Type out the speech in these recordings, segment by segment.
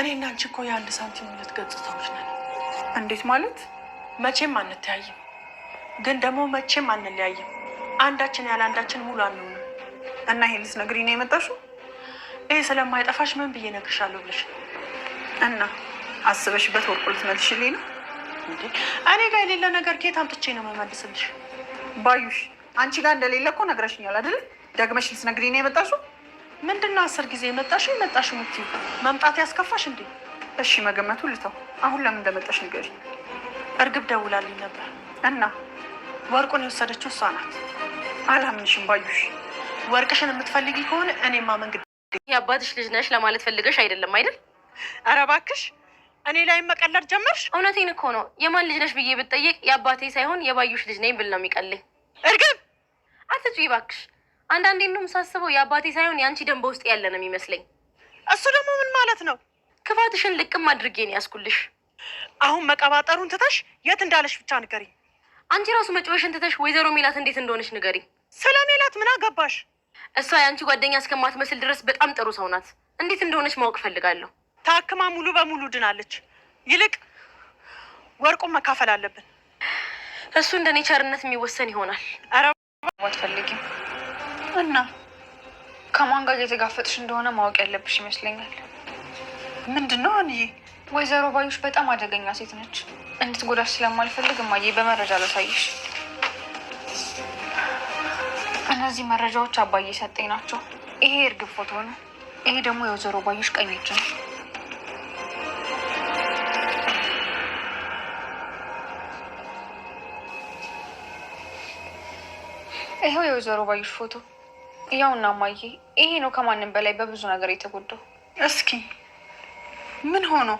እኔ እና አንቺ እኮ የአንድ ሳንቲም ሁለት ገጽታዎች ነን። እንዴት ማለት? መቼም አንተያይም፣ ግን ደግሞ መቼም አንለያይም። አንዳችን ያለ አንዳችን ሙሉ አንሆንም እና ይሄ ልትነግሪኝ ነው የመጣሽው? ይህ ስለማይጠፋሽ ምን ብዬ እነግርሻለሁ ብለሽ እና አስበሽበት ወርቁ ልትመልሽልኝ ነው እኔ ጋር የሌለ ነገር ከየት አምጥቼ ነው የምመልስልሽ? ባዩሽ፣ አንቺ ጋር እንደሌለ እኮ ነግረሽኛል አይደል? ደግመሽ ልትነግሪኝ ነው የመጣሽው? ምንድነው አስር ጊዜ የመጣሽ የመጣሽ ምት መምጣት ያስከፋሽ እንዴ? እሺ መገመቱ ልተው። አሁን ለምን እንደመጣሽ ንገሪ። እርግብ ደውላልኝ ነበር እና ወርቁን የወሰደችው እሷ ናት። አላምንሽም ባዩሽ። ወርቅሽን የምትፈልጊ ከሆነ እኔማ መንግድ የአባትሽ ልጅ ነሽ ለማለት ፈልገሽ አይደለም አይደል? ኧረ እባክሽ እኔ ላይ መቀለድ ጀመርሽ። እውነቴን እኮ ነው። የማን ልጅ ነሽ ብዬ ብጠይቅ የአባቴ ሳይሆን የባዩሽ ልጅ ነኝ ብል ነው የሚቀልኝ። እርግብ አትጩ እባክሽ። አንዳንዴ እንደውም ሳስበው የአባቴ ሳይሆን የአንቺ ደንበ ውስጥ ያለ ነው የሚመስለኝ። እሱ ደግሞ ምን ማለት ነው? ክፋትሽን ልቅም አድርጌ ነው ያስኩልሽ። አሁን መቀባጠሩን ትተሽ የት እንዳለሽ ብቻ ንገሪኝ። አንቺ ራሱ መጮሽን ትተሽ ወይዘሮ ሜላት እንዴት እንደሆነች ንገሪኝ። ስለ ሜላት ምን አገባሽ? እሷ የአንቺ ጓደኛ እስከማትመስል ድረስ በጣም ጥሩ ሰው ናት። እንዴት እንደሆነች ማወቅ ፈልጋለሁ። ታክማ ሙሉ በሙሉ ድናለች። ይልቅ ወርቁን መካፈል አለብን። እሱ እንደ እኔ ቸርነት የሚወሰን ይሆናል። አረ አትፈልጊም እና ከማን ጋር እየተጋፈጥሽ እንደሆነ ማወቅ ያለብሽ ይመስለኛል። ምንድን ነው አንዬ? ወይዘሮ ባዩሽ በጣም አደገኛ ሴት ነች። እንድትጎዳሽ ስለማልፈልግ እማዬ በመረጃ ላሳይሽ። እነዚህ መረጃዎች አባዬ ሰጠኝ ናቸው። ይሄ የእርግብ ፎቶ ነው። ይሄ ደግሞ የወይዘሮ ባዩሽ ቀኝ እጅ ነው። ይኸው የወይዘሮ ባዩሽ ፎቶ ያውና ማዬ ይሄ ነው ከማንም በላይ በብዙ ነገር የተጎዳው። እስኪ ምን ሆኖ?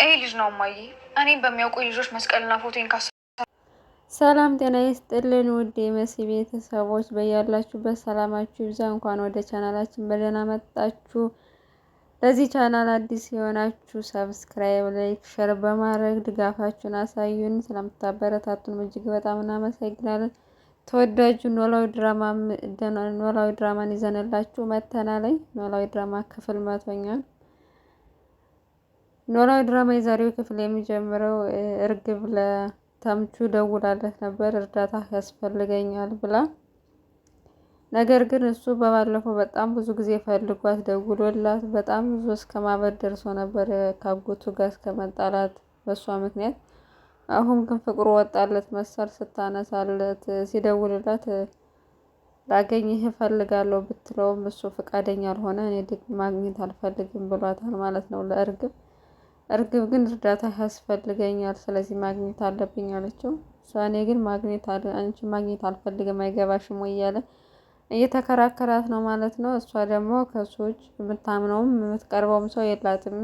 ይሄ ልጅ ነው ማዬ። እኔም በሚያውቁ ልጆች መስቀልና ፎቶን ካሰ ሰላም ጤና ይስጥልን ውድ የመሲ ቤተሰቦች በያላችሁበት ሰላማችሁ ይብዛ። እንኳን ወደ ቻናላችን በደህና መጣችሁ። ለዚህ ቻናል አዲስ የሆናችሁ ሰብስክራይብ፣ ላይክ፣ ሸር በማድረግ ድጋፋችሁን አሳዩን። ስለምታበረታቱን እጅግ በጣም እናመሰግናለን። ተወዳጁ ኖላዊ ድራማ ኖላዊ ድራማን ይዘንላችሁ መተናለኝ ኖላዊ ድራማ ክፍል መቶኛ ኖላዊ ድራማ የዛሬው ክፍል የሚጀምረው እርግብ ለተምቹ ደውላለት ነበር እርዳታ ያስፈልገኛል ብላ። ነገር ግን እሱ በባለፈው በጣም ብዙ ጊዜ ፈልጓት ደውሎላት በጣም ብዙ እስከ ማበድ ደርሶ ነበር ካጎቱ ጋር እስከመጣላት በእሷ ምክንያት አሁን ግን ፍቅሩ ወጣለት መሰል ስታነሳለት ሲደውልላት ላገኝህ እፈልጋለሁ ብትለውም እሱ ፈቃደኛ አልሆነ። እኔ ድግ ማግኘት አልፈልግም ብሏታል ማለት ነው ለእርግብ። እርግብ ግን እርዳታ ያስፈልገኛል፣ ስለዚህ ማግኘት አለብኝ አለችው። እኔ ግን ማግኘት አንቺ ማግኘት አልፈልግም አይገባሽም ወይ እያለ እየተከራከራት ነው ማለት ነው። እሷ ደግሞ ከሱ ውጭ የምታምነውም የምትቀርበውም ሰው የላትም።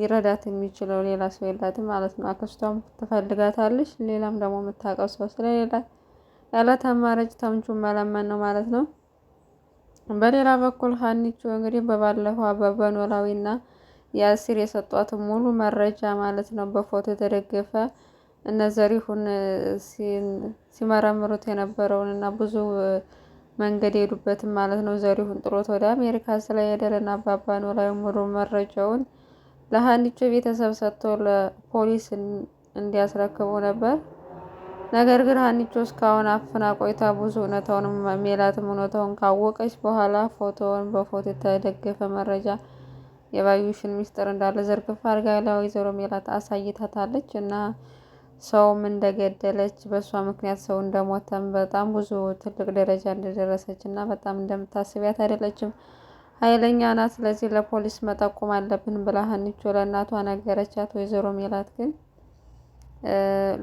ሊረዳት የሚችለው ሌላ ሰው የላትም ማለት ነው። አክስቷም ትፈልጋታለች፣ ሌላም ደግሞ የምታውቀው ሰው ስለሌላ ያላት አማራጭ ተምቹ መለመን ነው ማለት ነው። በሌላ በኩል ሀኒቹ እንግዲህ በባለፈው አበበ ኖላዊና የአሲር የሰጧትን ሙሉ መረጃ ማለት ነው በፎቶ የተደገፈ እነ ዘሪሁን ሲመረምሩት የነበረውን እና ብዙ መንገድ የሄዱበትም ማለት ነው። ዘሪሁን ጥሎት ወደ አሜሪካ ስለሄደ ለና አባባ ኖላዊ ሙሉ መረጃውን ለሀንቾ ቤተሰብ ሰጥቶ ለፖሊስ እንዲያስረክቡ ነበር። ነገር ግን ሀኒቾ እስካሁን አፍና ቆይታ ብዙ እውነታውን ሜላትም እውነታውን ካወቀች በኋላ ፎቶውን በፎቶ የተደገፈ መረጃ የባዩሽን ሚስጥር እንዳለ ዘርግፋ አድርጋ ለወይዘሮ ሜላት አሳይታታለች እና ሰውም እንደገደለች በእሷ ምክንያት ሰው እንደሞተም በጣም ብዙ ትልቅ ደረጃ እንደደረሰች እና በጣም እንደምታስቢያት አይደለችም። ኃይለኛ ናት። ስለዚህ ለፖሊስ መጠቆም አለብን ብላ ሀኒቾ ለእናቷ ነገረቻት። ወይዘሮ ሜላት ግን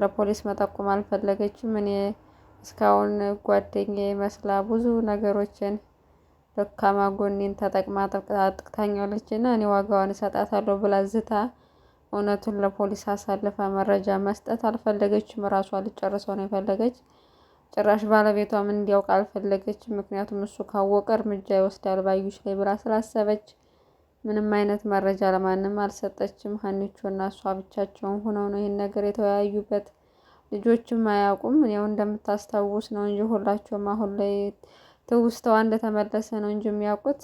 ለፖሊስ መጠቆም አልፈለገችም። እኔ እስካሁን ጓደኛ መስላ ብዙ ነገሮችን ደካማ ጎኔን ተጠቅማ አጥቅታኛለች እና እኔ ዋጋዋን እሰጣታለሁ ብላ ዝታ እውነቱን ለፖሊስ አሳልፋ መረጃ መስጠት አልፈለገችም። እራሷ ልጨርሰው ነው የፈለገች። ጭራሽ ባለቤቷም እንዲያውቅ አልፈለገች። ምክንያቱም እሱ ካወቀ እርምጃ ይወስዳል ባዩሽ ላይ ብላ ስላሰበች ምንም አይነት መረጃ ለማንም አልሰጠችም። ሀኒቾ እና እሷ ብቻቸውን ሆነው ነው ይህን ነገር የተወያዩበት። ልጆችም አያውቁም። ያው እንደምታስታውስ ነው እንጂ ሁላቸውም አሁን ላይ ትውስተዋ እንደተመለሰ ነው እንጂ የሚያውቁት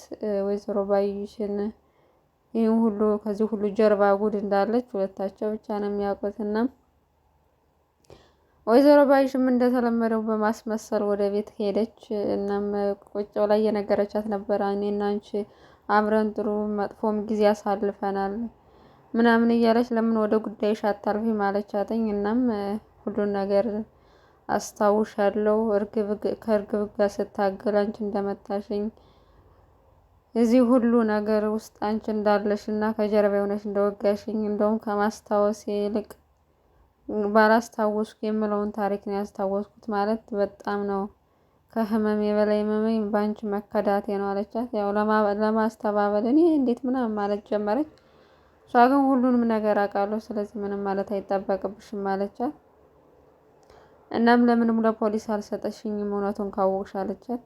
ወይዘሮ ባዩሽን ይህን ሁሉ ከዚህ ሁሉ ጀርባ ጉድ እንዳለች ሁለታቸው ብቻ ነው እና ወይዘሮ ባይሽም እንደተለመደው በማስመሰል ወደ ቤት ሄደች። እናም ቁጭው ላይ የነገረቻት ነበረ እና አንቺ አብረን ጥሩ መጥፎም ጊዜ አሳልፈናል ምናምን እያለች ለምን ወደ ጉዳይሽ አታልፊም አለቻትኝ። እናም ሁሉን ነገር አስታውሻለሁ ከእርግብ ጋር ስታገል አንቺ እንደመታሽኝ እዚህ ሁሉ ነገር ውስጥ አንቺ እንዳለሽ እና ከጀርባ የሆነሽ እንደወጋሽኝ እንደውም ከማስታወስ ይልቅ ባላስታወስኩ የምለውን ታሪክ ነው ያስታወስኩት ማለት በጣም ነው ከህመሜ በላይ መመኝ በአንቺ መከዳቴ ነው አለቻት። ያው ለማስተባበል እኔ እንዴት ምናምን ማለት ጀመረች። እሷ ግን ሁሉንም ነገር አውቃለሁ ስለዚህ ምንም ማለት አይጠበቅብሽም አለቻት። እናም ለምንም ለፖሊስ አልሰጠሽኝም እውነቱን ካወቅሽ አለቻት።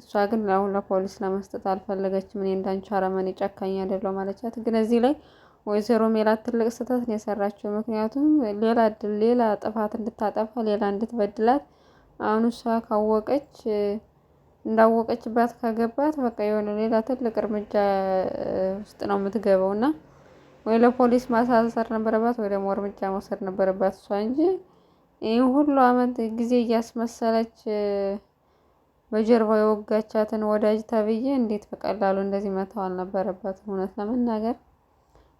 እሷ ግን ለፖሊስ ለመስጠት አልፈለገችም። እኔ እንዳንቺ አረመኔ ጨካኝ አይደለሁም አለቻት። ግን እዚህ ላይ ወይዘሮ ሜላት ትልቅ ስህተት ነው የሰራችው። ምክንያቱም ሌላ እድል ሌላ ጥፋት እንድታጠፋ ሌላ እንድትበድላት አሁን እሷ ካወቀች እንዳወቀችባት ከገባት በቃ የሆነ ሌላ ትልቅ እርምጃ ውስጥ ነው የምትገበው እና ወይ ለፖሊስ ማሳሰር ነበረባት ወይ ደግሞ እርምጃ መውሰድ ነበረባት እሷ እንጂ ይህ ሁሉ አመት ጊዜ እያስመሰለች በጀርባው የወጋቻትን ወዳጅ ተብዬ እንዴት በቀላሉ እንደዚህ መተው አልነበረባትም እውነት ለመናገር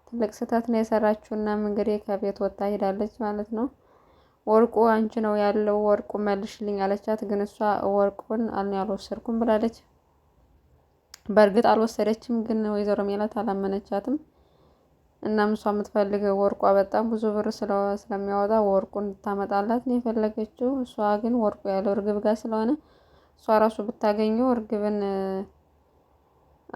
ትልቅ ስህተት ነው የሰራችው። እናም እንግዲህ ከቤት ወጣ ሄዳለች ማለት ነው። ወርቁ አንቺ ነው ያለው ወርቁ መልሽልኝ አለቻት። ግን እሷ ወርቁን አልወሰድኩም ብላለች። በእርግጥ አልወሰደችም፣ ግን ወይዘሮ ሜላት አላመነቻትም። እናም እሷ የምትፈልገው ወርቋ በጣም ብዙ ብር ስለሚያወጣ ወርቁን እንድታመጣላት ነው የፈለገችው። እሷ ግን ወርቁ ያለው እርግብ ጋር ስለሆነ እሷ ራሱ ብታገኘው እርግብን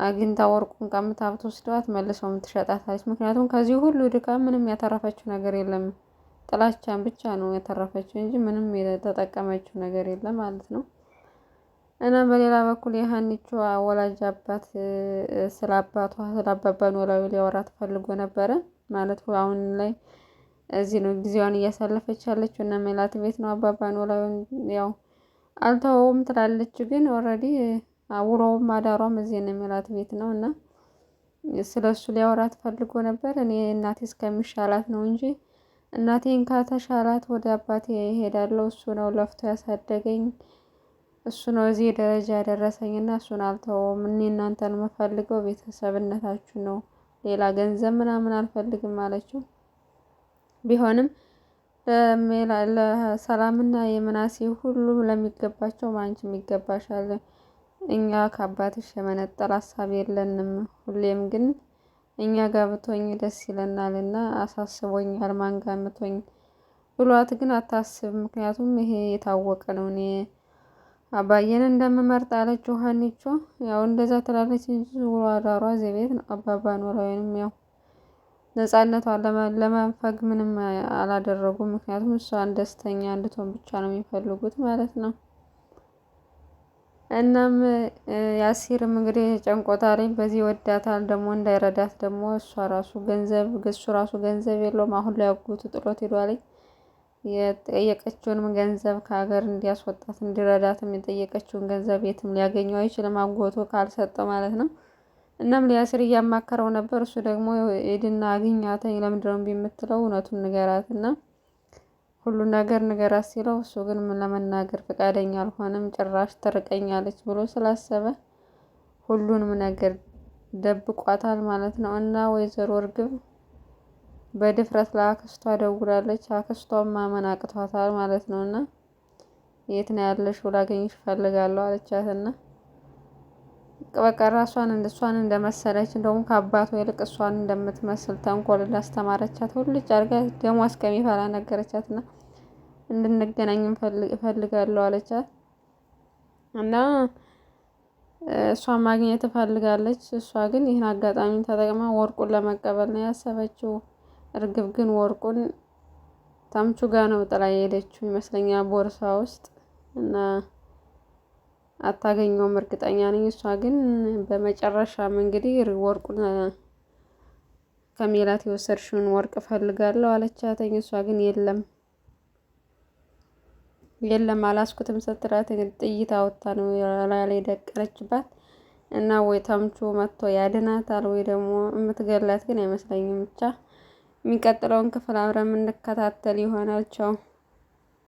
አግኝታ ወርቁን ቀምታ ብትወስደዋት መልሰው የምትሸጣታለች። ምክንያቱም ከዚህ ሁሉ ድካም ምንም ያተረፈችው ነገር የለም። ጥላቻን ብቻ ነው ያተረፈችው እንጂ ምንም የተጠቀመችው ነገር የለም ማለት ነው። እና በሌላ በኩል የሀኒቹ ወላጅ አባት ስለ አባቷ ስለ አባባ ኖላዊ ሊያወራት ፈልጎ ነበረ ማለት አሁን ላይ እዚህ ነው ጊዜዋን እያሳለፈች ያለችው እና ሜላት ቤት ነው። አባባ ኖላዊን ያው አልተወውም ትላለች፣ ግን ኦልሬዲ ውሎውም አዳሯም እዚህ ነው የሚላት ቤት ነው እና ስለሱ ሊያወራት ፈልጎ ነበር። እኔ እናቴ እስከሚሻላት ነው እንጂ እናቴን ካተሻላት ወደ አባቴ ይሄዳለው። እሱ ነው ለፍቶ ያሳደገኝ፣ እሱ ነው እዚህ ደረጃ ያደረሰኝ እና እሱን አልተውም። እኔ እናንተን የምፈልገው ቤተሰብነታችሁ ነው፣ ሌላ ገንዘብ ምናምን አልፈልግም አለችው። ቢሆንም ለሰላምና የምናሴ ሁሉ ለሚገባቸው አንቺም ይገባሻል እኛ ከአባትሽ የመነጠል ሀሳብ የለንም። ሁሌም ግን እኛ ጋር ብትሆኝ ደስ ይለናል እና አሳስቦኛል ማን ጋር ምትሆኝ ብሏት፣ ግን አታስብ፣ ምክንያቱም ይሄ የታወቀ ነው። እኔ አባዬን እንደምመርጥ አለች ውሀኒቾ። ያው እንደዛ ትላለች እንጂ ውሎ አዳሯ እዚህ ቤት ነው። አባባ ኖላዊንም ያው ነጻነቷን ለመንፈግ ምንም አላደረጉም። ምክንያቱም እሷን ደስተኛ እንድትሆን ብቻ ነው የሚፈልጉት ማለት ነው። እናም ያሲርም እንግዲህ ጨንቆታሪ በዚህ ወዳታል ደግሞ እንዳይረዳት ደግሞ እሷ ራሱ ገንዘብ እሱ ራሱ ገንዘብ የለውም። አሁን ላይ አጎቱ ጥሎት ሄዷለኝ። የጠየቀችውንም ገንዘብ ከሀገር እንዲያስወጣት እንዲረዳትም የጠየቀችውን ገንዘብ የትም ሊያገኘው አይችልም አጎቱ ካልሰጠው ማለት ነው። እናም ሊያስር እያማከረው ነበር። እሱ ደግሞ ኤድና አግኛተኝ ለምንድነው እምቢ የምትለው እውነቱን ንገራትና ሁሉ ነገር ንገራት ሲለው እሱ ግን ለመናገር ፈቃደኛ አልሆነም። ጭራሽ ትርቀኛለች ብሎ ስላሰበ ሁሉንም ነገር ደብቋታል ማለት ነው። እና ወይዘሮ እርግብ በድፍረት ለአክስቷ ደውላለች። አክስቷም ማመን አቅቷታል ማለት ነው። እና የት ነው ያለሽ? ላገኝሽ እፈልጋለሁ አለቻትና በቃ ራሷን እንደሷን እንደመሰለች እንደውም ከአባቱ ይልቅ እሷን እንደምትመስል ተንኮል ላስተማረቻት ሁልጭ አድርጋ ደሟ እስከሚፈላ ነገረቻትና እንድንገናኝ እፈልጋለሁ አለቻት እና እሷ ማግኘት እፈልጋለች። እሷ ግን ይህን አጋጣሚ ተጠቅማ ወርቁን ለመቀበል ነው ያሰበችው። እርግብ ግን ወርቁን ታምቹ ጋ ነው ጥላ የሄደችው ይመስለኛል ቦርሳ ውስጥ እና አታገኘውም እርግጠኛ ነኝ። እሷ ግን በመጨረሻም እንግዲህ ወርቁን ከሜላት የወሰድሽውን ወርቅ እፈልጋለሁ አለቻተኝ። እሷ ግን የለም የለም አላስኩትም ስትላት ጥይት አወጣ ነው ላይ ደቀነችባት እና ወይ ተምቹ መጥቶ ያድናታል ወይ ደግሞ የምትገላት ግን አይመስለኝም። ብቻ የሚቀጥለውን ክፍል አብረን የምንከታተል ይሆናል። ቻው